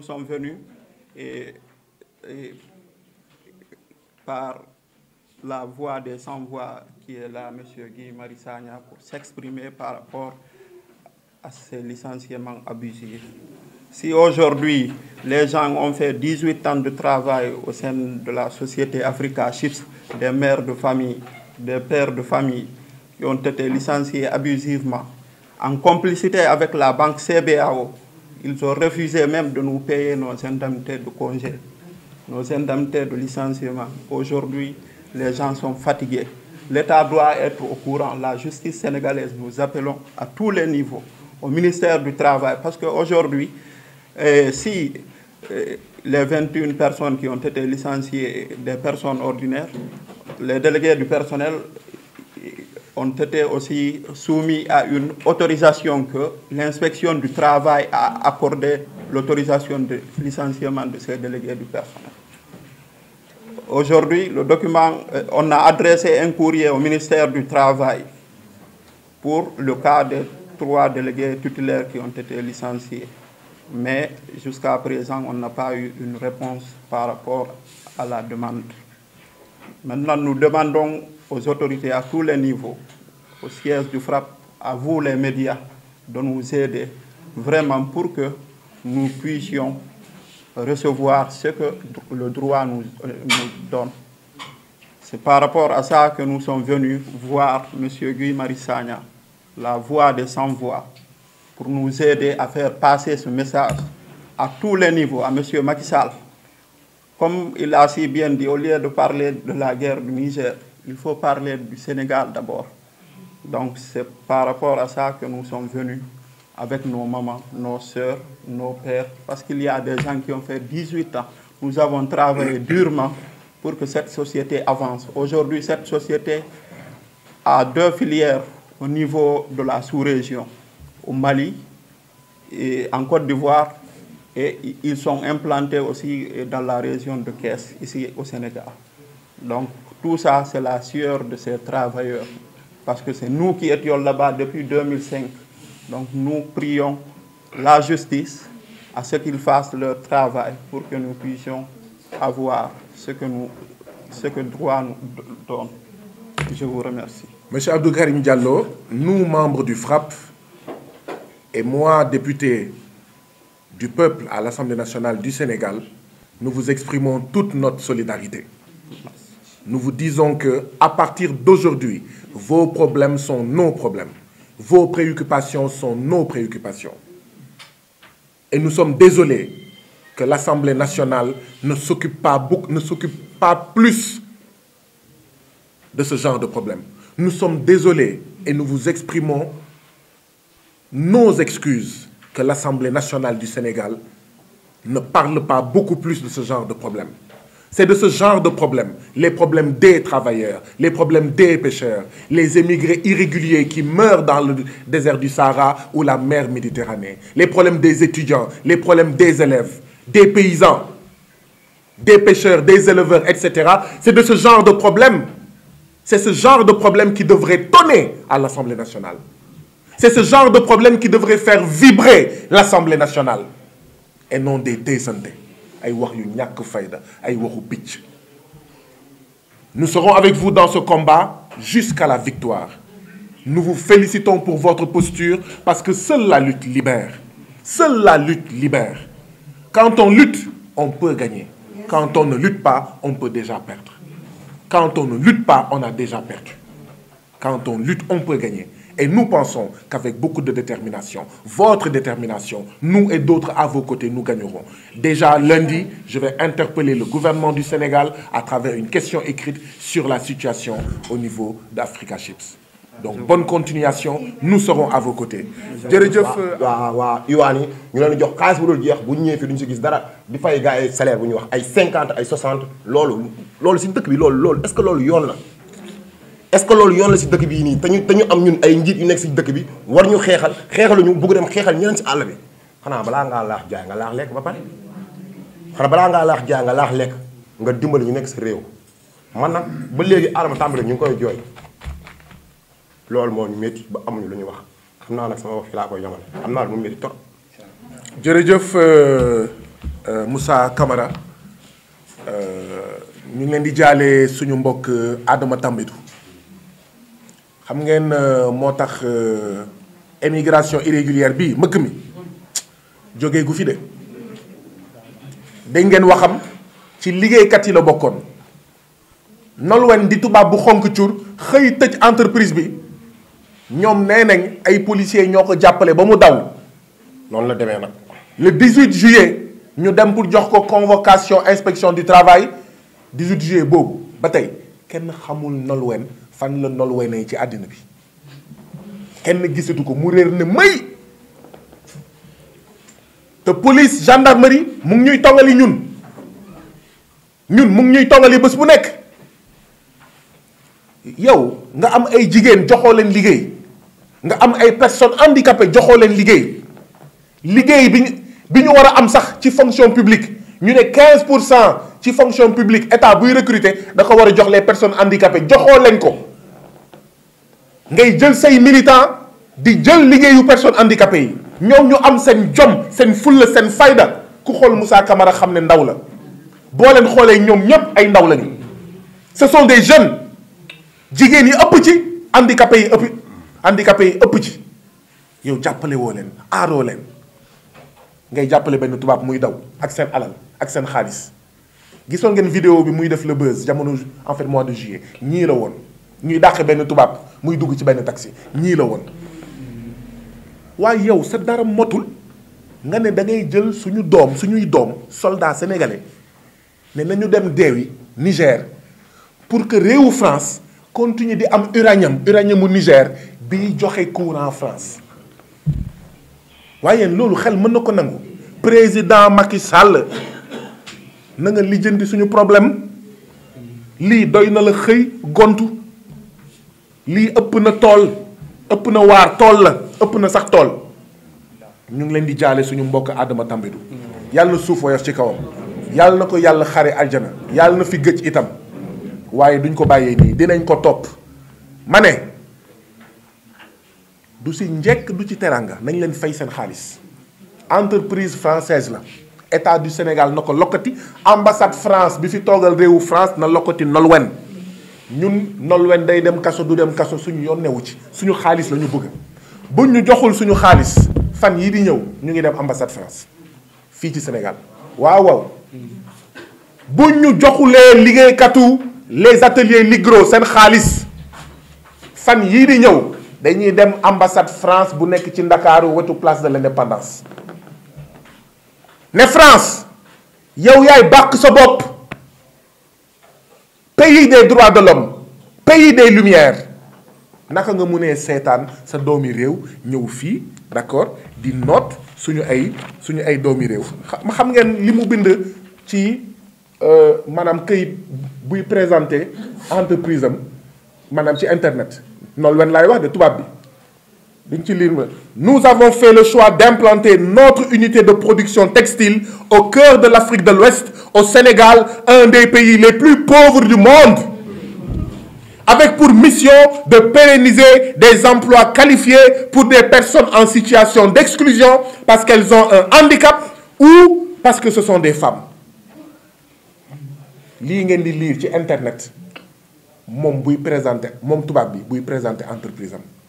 nous sommes venus par la voix des sans-voix qui est là, M. Guy Marissagna, pour s'exprimer par rapport à ces licenciements abusifs. Si aujourd'hui, les gens ont fait 18 ans de travail au sein de la société Africa Chips, des mères de famille, des pères de famille qui ont été licenciés abusivement, en complicité avec la banque CBAO, Ils ont refusé même de nous payer nos indemnités de congé, nos indemnités de licenciement. Aujourd'hui, les gens sont fatigués. L'État doit être au courant. La justice sénégalaise, nous appelons à tous les niveaux, au ministère du Travail, parce qu'aujourd'hui, eh, si eh, les 21 personnes qui ont été licenciées, des personnes ordinaires, les délégués du personnel ont été aussi soumis à une autorisation que l'inspection du travail a accordée, l'autorisation de licenciement de ces délégués du personnel. Aujourd'hui, le document, euh, on a adressé un courrier au ministère du Travail pour le cas des trois délégués tutélaires qui ont été licenciés. Mais jusqu'à présent, on n'a pas eu une réponse par rapport à la demande. Maintenant, nous demandons aux autorités à tous les niveaux, au siège du FRAP, à vous les médias, de nous aider vraiment pour que nous puissions recevoir ce que le droit nous, donne. C'est par rapport à ça que nous sommes venus voir M. Guy Marissagna, la voix de sans-voix, pour nous aider à faire passer ce message à tous les niveaux, à M. Macky Sall. Comme il a si bien dit, au lieu de parler de la guerre Niger, il faut parler du Sénégal d'abord. Donc c'est par rapport à ça que nous sommes venus avec nos mamans, nos sœurs, nos pères, parce qu'il y a des gens qui ont fait 18 ans. Nous avons travaillé durement pour que cette société avance. Aujourd'hui, cette société a deux filières au niveau de la sous-région, au Mali et en Côte d'Ivoire, et ils sont implantés aussi dans la région de Caisse, ici au Sénégal. Tout ça, c'est la sueur de ces travailleurs. Parce que c'est nous qui étions là-bas depuis 2005. Donc nous prions la justice à ce qu'ils fassent leur travail pour que nous puissions avoir ce que, nous, ce que droit nous donne. Je vous remercie. Monsieur Abdou Karim nous, membres du FRAP, et moi, député du peuple à l'Assemblée nationale du Sénégal, nous vous exprimons toute notre solidarité. Nous vous disons que, à partir d'aujourd'hui, vos problèmes sont nos problèmes. Vos préoccupations sont nos préoccupations. Et nous sommes désolés que l'Assemblée nationale ne s'occupe pas, plus de ce genre de problème. Nous sommes désolés et nous vous exprimons nos excuses que l'Assemblée nationale du Sénégal ne parle pas beaucoup plus de ce genre de problème. C'est de ce genre de problèmes, les problèmes des travailleurs, les problèmes des pêcheurs, les émigrés irréguliers qui meurent dans le désert du Sahara ou la mer Méditerranée, les problèmes des étudiants, les problèmes des élèves, des paysans, des pêcheurs, des éleveurs, etc. C'est de ce genre de problèmes. C'est ce genre de problème qui devrait tonner à l'Assemblée nationale. C'est ce genre de problème qui devrait faire vibrer l'Assemblée nationale et non des désentés. ay wax yu ñàkk fayda ay waxu picc nous serons avec vous dans ce combat jusqu'à la victoire nous vous félicitons pour votre posture parce que seule la lutte libère seule la lutte libère quand on lutte on peut gagner quand on ne lutte pas on peut déjà perdre quand on ne lutte pas on a déjà perdu quand on lutte on peut gagner Et nous pensons qu'avec beaucoup de détermination, votre détermination, nous et d'autres à vos côtés, nous gagnerons. Déjà lundi, je vais interpeller le gouvernement du Sénégal à travers une question écrite sur la situation au niveau d'Africa Chips. donc bonne continuation nous serons à vos côtés. jërëjëf waaw waaw Iwaan yi ñu leen jox xaalis bu dul jeex bu ñu ñëwee fii si gis dara di fay gars ay salaire bu ñuy wax ay 50 ay 60 loolu loolu si dëkk bi loolu loolu est-ce que loolu yoon la. est-ce que loolu yoon la si dëkk bi nii te ñu te ñu am ñun ay njiit yu nekk si dëkk bi war ñu xeexal xeexaluñu bugg dem xeexal ñeneen si àll bi xanaa balaa ngaa laax jaay ba pare xanaa lekk nga dimbali ñu nekk si réew man nag ba léegi aadama tàmbali ñu ngi koy jooy loolu moo ñu ba amuñu lu ñu wax xam naa nag sama wax fi laa koy yamale xam naa lu euh, euh, euh, ñu ngi leen di jaale suñu mbokk Adama Tambidou xam ngeen euh, moo tax euh, émigration irrégulière bi mbëkk mi jógee gu fi de dégg ngeen waxam ci liggéeykat yi la bokkoon nolwen di tubaab bu xonq cuur xëy tëj entreprise bi ñoom nee nañ ay policiers ñoo ko jàppale ba mu daw noonu la demee nag le 18 juillet ñu dem pour jox ko convocation inspection du travail 18 juillet boobu ba tey kenn xamul nolwen fan la ndol way nay ci àddina bi kenn gisatu ko mu réer ne may te police gendarmerie mu ngi ñuy tongali ñun ñun mu ngi ñuy tongali bés bu nekk yow nga am ay jigéen joxoo leen liggéey nga am ay personnes handicapées joxoo leen liggéey liggéey bi ñu bi ñu war a am sax ci fonction publique ñu ne 15 pour cent ci fonction publique état buy recruter da war a jox personne personnes handicapées joxoo leen ko ngay jël say militant di jël liggéeyu personne handicapé yi ñoom ñu am seen jom seen fulla seen fayda ku xool Moussa Camara xam ne ndaw la boo leen xoolee ñoom ñëpp ay ndaw lañu ce sont des jeunes jigéen yi ëpp ci handicapé yi ëpp handicapé yi ëpp ci yow jàppale woo leen aaroo leen ngay jàppale benn tubaab muy daw ak seen alal ak seen xaalis gisoon ngeen vidéo bi muy def le buzz jamono en fait mois de juillet ñii woon ñuy dàq benn tubaab muy dugg ci benn taxi ñii la woon waaye yow sa dara motul nga ne da ngay jël suñu doom suñuy doom soldaa sénégalais ne nañu dem deewi Niger pour que réewu France continue di am uranium uranium mu Niger bi joxe courant France waaye loolu xel mën na ko nangu président Macky Sall na nga lijjanti suñu problème lii doy na la xëy gontu. lii ëpp na tool ëpp na waar tool la ëpp na sax tool ñu ngi leen di jaale suñu mbokk Adama Tambédou yàlla na suuf woyof ci kawam yàlla na ko yàlla xare aljana yàlla na fi gëj itam waaye duñ ko bàyyee nii dinañ ko topp ma ne du si njekk du ci teranga nañ leen fay seen xaalis entreprise française la état du Sénégal na ko lokkati ambassade France bi fi toogal réewu France na lokkati Nolwenn ñun Nolween day dem kaso du dem kaso suñu yoon newu ci suñu xaalis lañu ñu bëgg buñ ñu joxul suñu xaalis fan yii di ñëw ñu ngi dem ambassade France fii ci Sénégal waaw waaw buñ ñu joxulee liggéeykatu les ateliers Ligro seen xaalis fan yii di ñëw dañuy dem ambassade France bu nekk ci Ndakaaru wetu place de l'indépendance ne France yow yaay bàq sa bopp. pays de droits de l'homme pays des lumières naka nga ne seetaan sa doomi réew ñëw fii d'accord di noot suñu ay suñu ay doomi réew xam ngeen li mu bind ci euh, manam këyit buy présenter entreprise am maanaam ci internet noonu wen laay wax de tubaab bi Nous avons fait le choix d'implanter notre unité de production textile au cœur de l'Afrique de l'Ouest, au Sénégal, un des pays les plus pauvres du monde, avec pour mission de pérenniser des emplois qualifiés pour des personnes en situation d'exclusion parce qu'elles ont un handicap ou parce que ce sont des femmes. lii ngeen di lire ci internet moom buy présenter moom tubaab bi buy présenter entreprise am